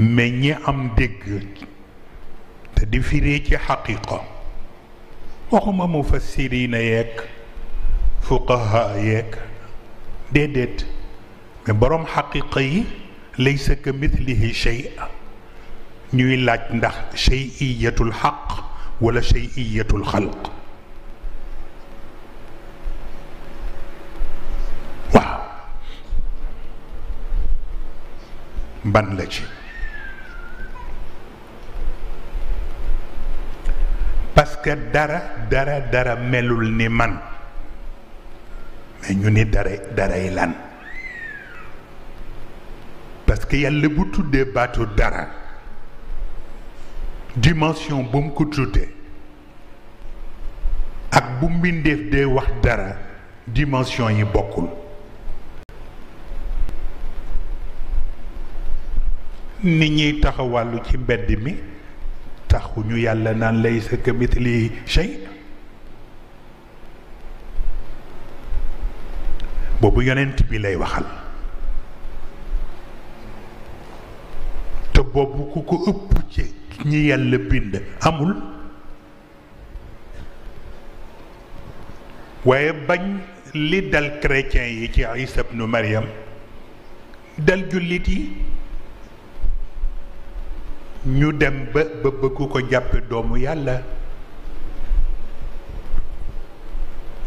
mais ñi am dégg te di firee ci xaqiqa waxuma mufassirina yeeg fuqaha yeeg déedéet mais boroom xaqiqa yi laysa ka mithlihi shay ñuy laaj ndax shay'iyatul xaq wala shay'iyatul xalq waaw ban la ci parce que dara dara dara melul ni man mais ñu ni dara daray lan parce que yàlla bu tuddee baatu dara dimension bu mu ak bu mbindeef dee wax dara dimension yi bokkul ni ñuy taxawalu ci mbedd mi taxuñu yàlla naan laysa kamithlihi shay boobu yonent bi lay waxal te boobu ku ko ëpp ci ñi yàlla bind amul waaye bañ li dal chrétien yi ci Isa ibnu Maryam dal jullit yi ñu dem ba bëggu ko jàppe doomu yàlla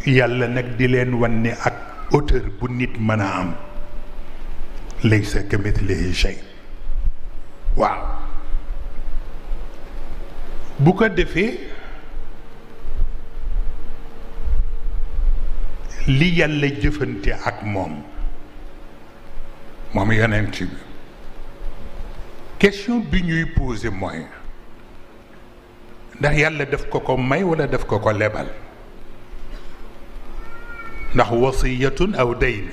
yàlla nag di leen wan ni ak auteur bu nit mën a am laysa kamithlihi shay waaw bu ko defee li yàlla jëfante ak moom moom yonent bi question bi ñuy posé mooy ndax yàlla def ko ko may walla def ko ko lebal ndax wasiyatun aw dayn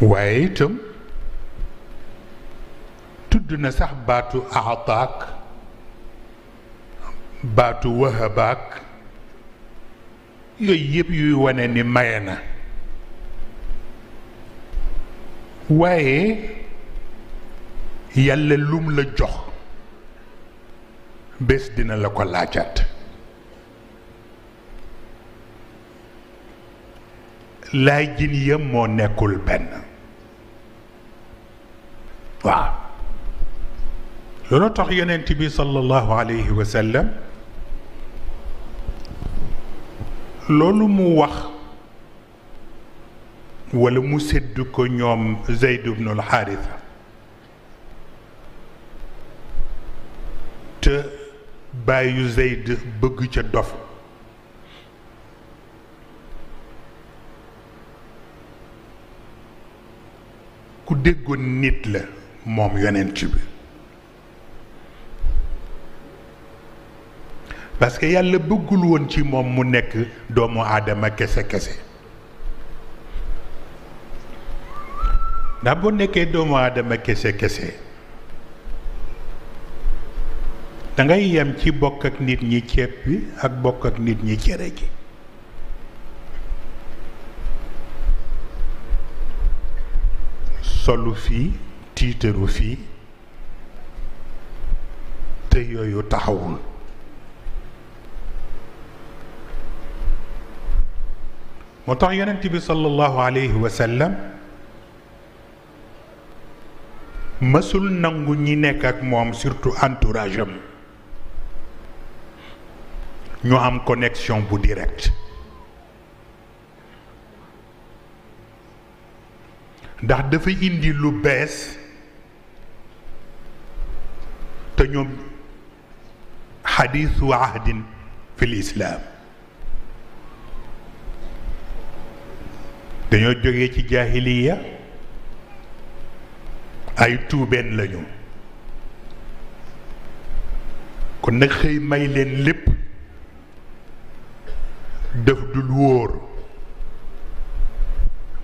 waaye itam tudd na sax baatu aataak baatu wahabaak yooyu yëpp yuy wone ni maye na waaye yàlla lum la jox bés dina la ko laajaat laajin ya moo nekkul benn waaw loolu tax yonent bi sallallahu alayhi wa loolu mu wax wala mu sédd ko ñoom Zeyd ibnul Xaarisa te bàyyu Zeyd bëgg ca dof ku déggoon nit la moom yonent bi parce que yàlla bëggul woon ci moom mu nekk doomu aadama kese kese ndax boo nekkee doomu aadama kese kese dangay yem ci bokk ak nit ñi ceeb bi ak bokk ak nit ñi cere ji solu fii tiitaru fii te yooyu taxawul moo tax yonent bi sallallahu alayhi wa sallam mësul nangu ñi nekk ak moom surtout entourage am ñu am connexion bu direct ndax dafa indi lu bees te ñoom xadiisu ahdin fil islaam dañoo jógee ci jaahiliya ay tuubeen lañu kon nag xëy may leen lépp def dul wóor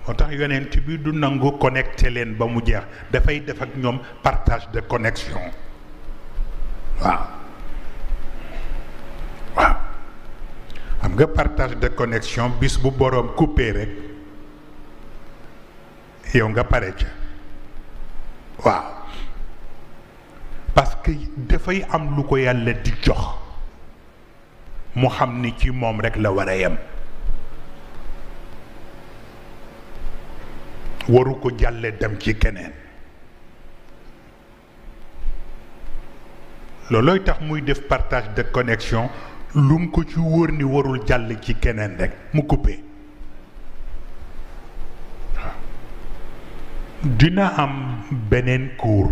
moo tax yoneen ci bi du nangu connecté leen ba mu jeex dafay def ak ñoom partage de connexion waaw waaw xam nga partage de connexion bis bu boroom coupé rek yow nga pare ca waaw parce que dafay am lu ko yàlla di jox mu xam ni ci moom rekk la war yem waru ko jàlle dem ci keneen loolooy tax muy def partage de connexion lum ko ci wóor ni warul jàll ci keneen rekk mu coupé dina am beneen cours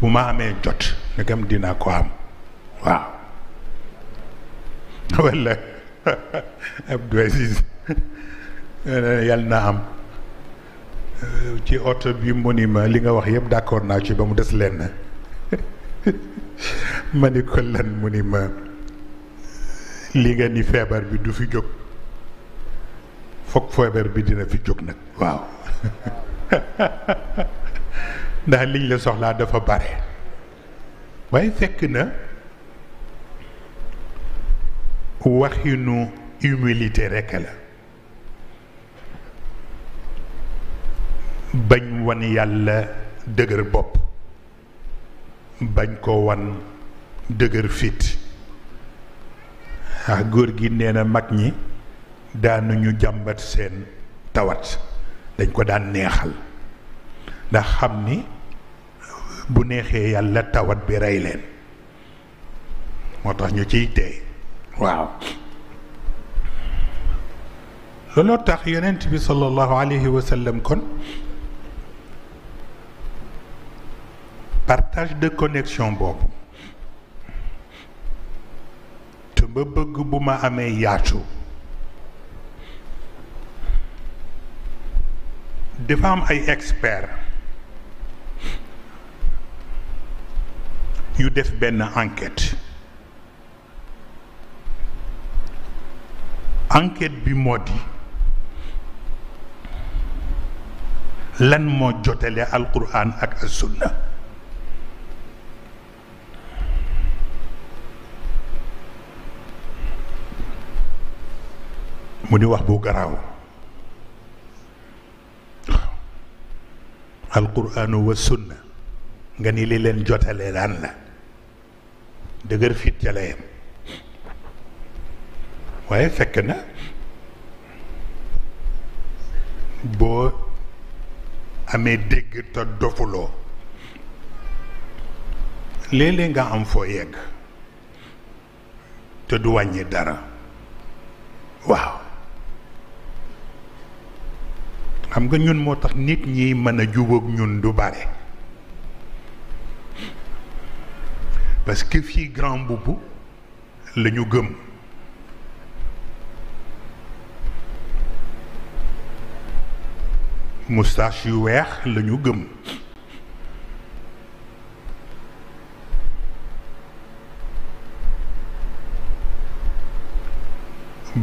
bu ma amee jot ndegam dina ko am waaw walla Abdou Aziz na am euh, ci oto bi mu ni ma li nga wax yëpp d'accord naa ci ba mu des lenn ma ni ko lan mu ni ma li nga ni feebar bi du fi jóg foog feebar bi dina fi jóg nag waaw ndax liñ la soxlaa dafa bare waaye fekk na waxinu humilité rekk la bañ wan yàlla dëgër bopp bañ koo wan dëgër fit ah góor gi nee na mag ñi daanuñu jàmbat seen tawat dañ ko daan neexal ndax xam ni bu neexee yàlla tawat bi rey leen moo tax ñu ciy teey waaw looloo tax yonent bi sallallahu alayhi wa kon partage de connexion boobu te ba bëgg bu ma amee yaatu dafa am ay experts yu def benn enquête enquête bi moo lan moo jotale alquran ak assunna mu di wax bu garaaw alquranu wa sunna nga ni li leen jotale lan la dëgër fit ca la waaye fekk na boo amee dégg te dofuloo léeg nga am foo yegg te du wàññi dara waaw xam nga ñun moo tax nit ñi mën a jubóog ñun du bare parce que fii grand mbubb la ñu gëm moustache yu weex lañu ñu gëm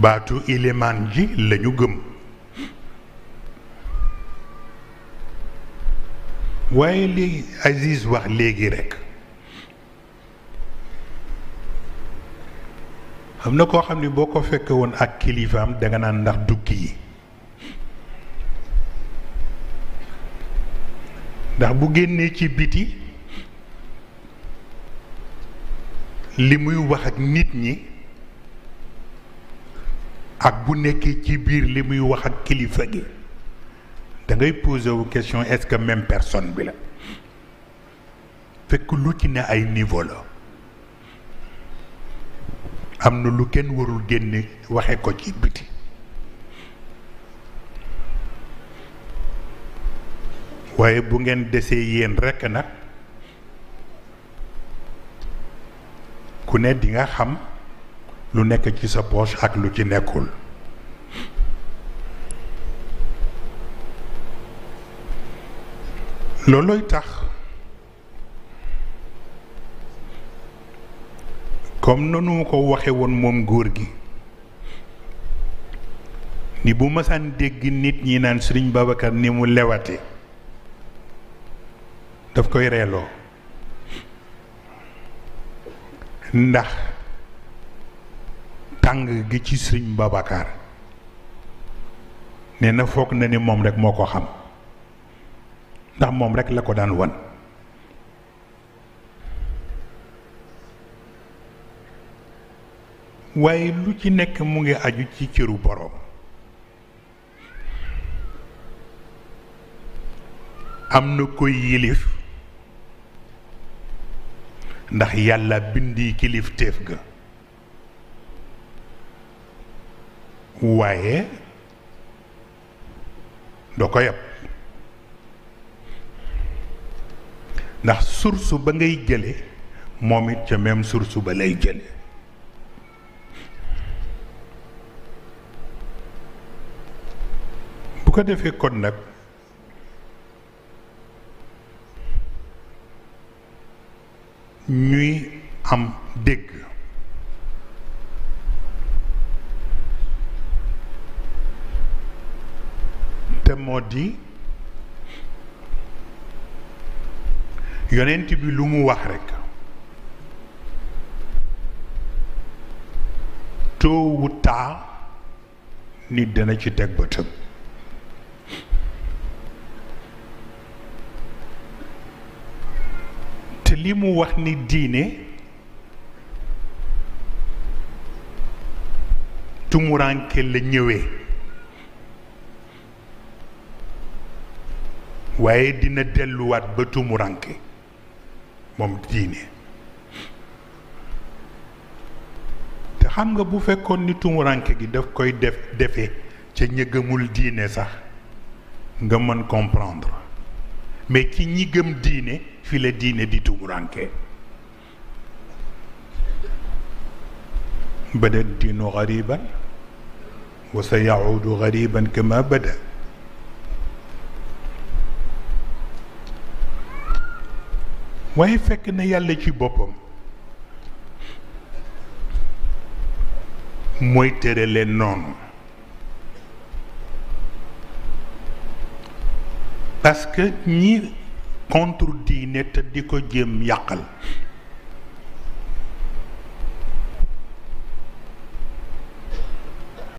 baatu ilimaan ji lañu gëm waaye li Aziz wax léegi rekk xam na koo xam ni boo ko fekke woon ak kilifaam danga naan ndax dukki yi ndax bu génnee ci biti li muy wax ak nit ñi ak bu nekkee ci biir li muy wax ak kilifa gi da ngay posé wu question est-ce que même personne bi la fekk lu ci ne ay niveau la am na lu kenn warul génne waxe ko ci biti waaye bu ngeen desee yéen rekk na ku ne dinga xam lu nekk ci sa poche ak lu ci nekkul loolooy tax comme noonu ma ko waxe woon moom góor gi ni bu masaan dégg nit ñi naan Sëriñ Babacar ni mu lewate daf koy reeloo ndax tàng gi ci Sëriñ Babacar nee na foog na ni moom rek moo ko xam ndax moom rekk la ko daan wan waaye lu ci nekk mu ngi aju ci cëru boroom am na koy yilif ndax yàlla bindi kilif téef ga waaye doo ko yëpp ndax source ba ngay jële moom it ca même source ba lay jële bu ko defee kon nag ñuy am dégg te moo di yonent bi lu mu wax rekk toowu taa nit dana ci teg bëtam te li mu wax ni diine tumuranke la ñëwee waaye dina delluwaat ba tumuranke moom diine te xam nga bu fekkoon ni tumuranke gi daf koy def defe ca ñi gëmul diine sax nga mën comprendre mais ci ñi gëm diine fi la diine di tumuranke bada diinu gariban wa yahudu gariban kama bada waaye fekk na yàlla ci boppam mooy tere leen noonu parce que ñi contre diine te di ko jéem yàqal